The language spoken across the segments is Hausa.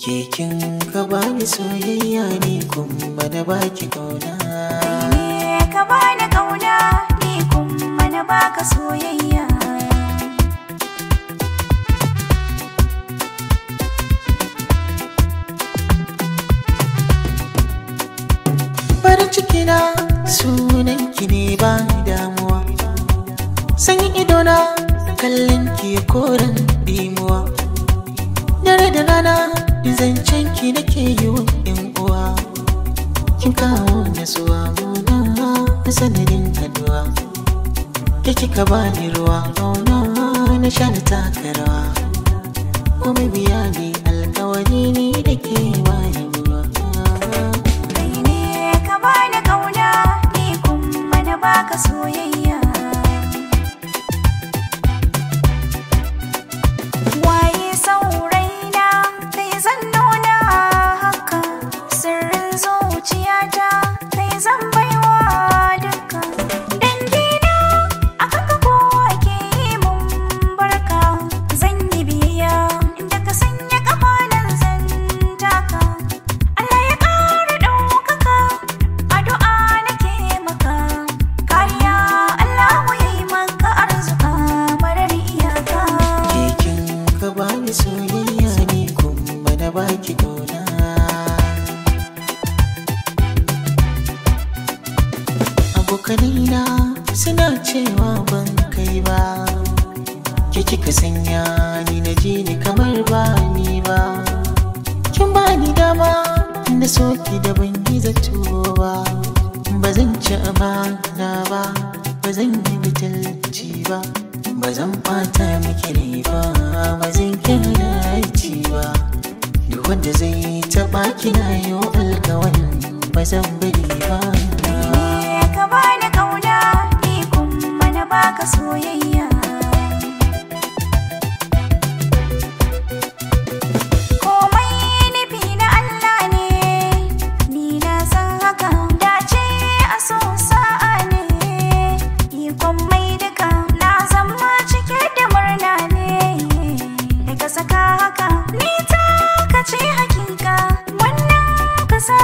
Kekin ka bani soyayya ne kuma na baki kauna. Ne ka bani kauna ne kuma na baka soyayya. Farin cikina sunan ki ne ba damuwa. sanyi idona kallon ki koren bimuwa. Dare da rana zancen ki nake yi wa yan uwa kin kawo na suwa, nuna na sanadin kaduwa ke kika ba ni ruwa nuna na sha na taka rawa biya ne alkawari ne da ke baka soyayya na baki ƙauna abokanina suna cewa ban kai ba ke kika sanya ni na ji ni kamar ba ni ba kin ba ni dama na soki da ban yi zato ba ba zan ci amana ba ba zan yi mutunci ba ba zan fata miki ba ba zan kyanaci ba wanda zai taɓa kina yau alkawarin ba zan bari ba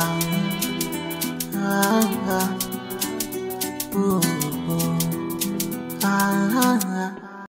Ah, ah, ah, ah, ooh.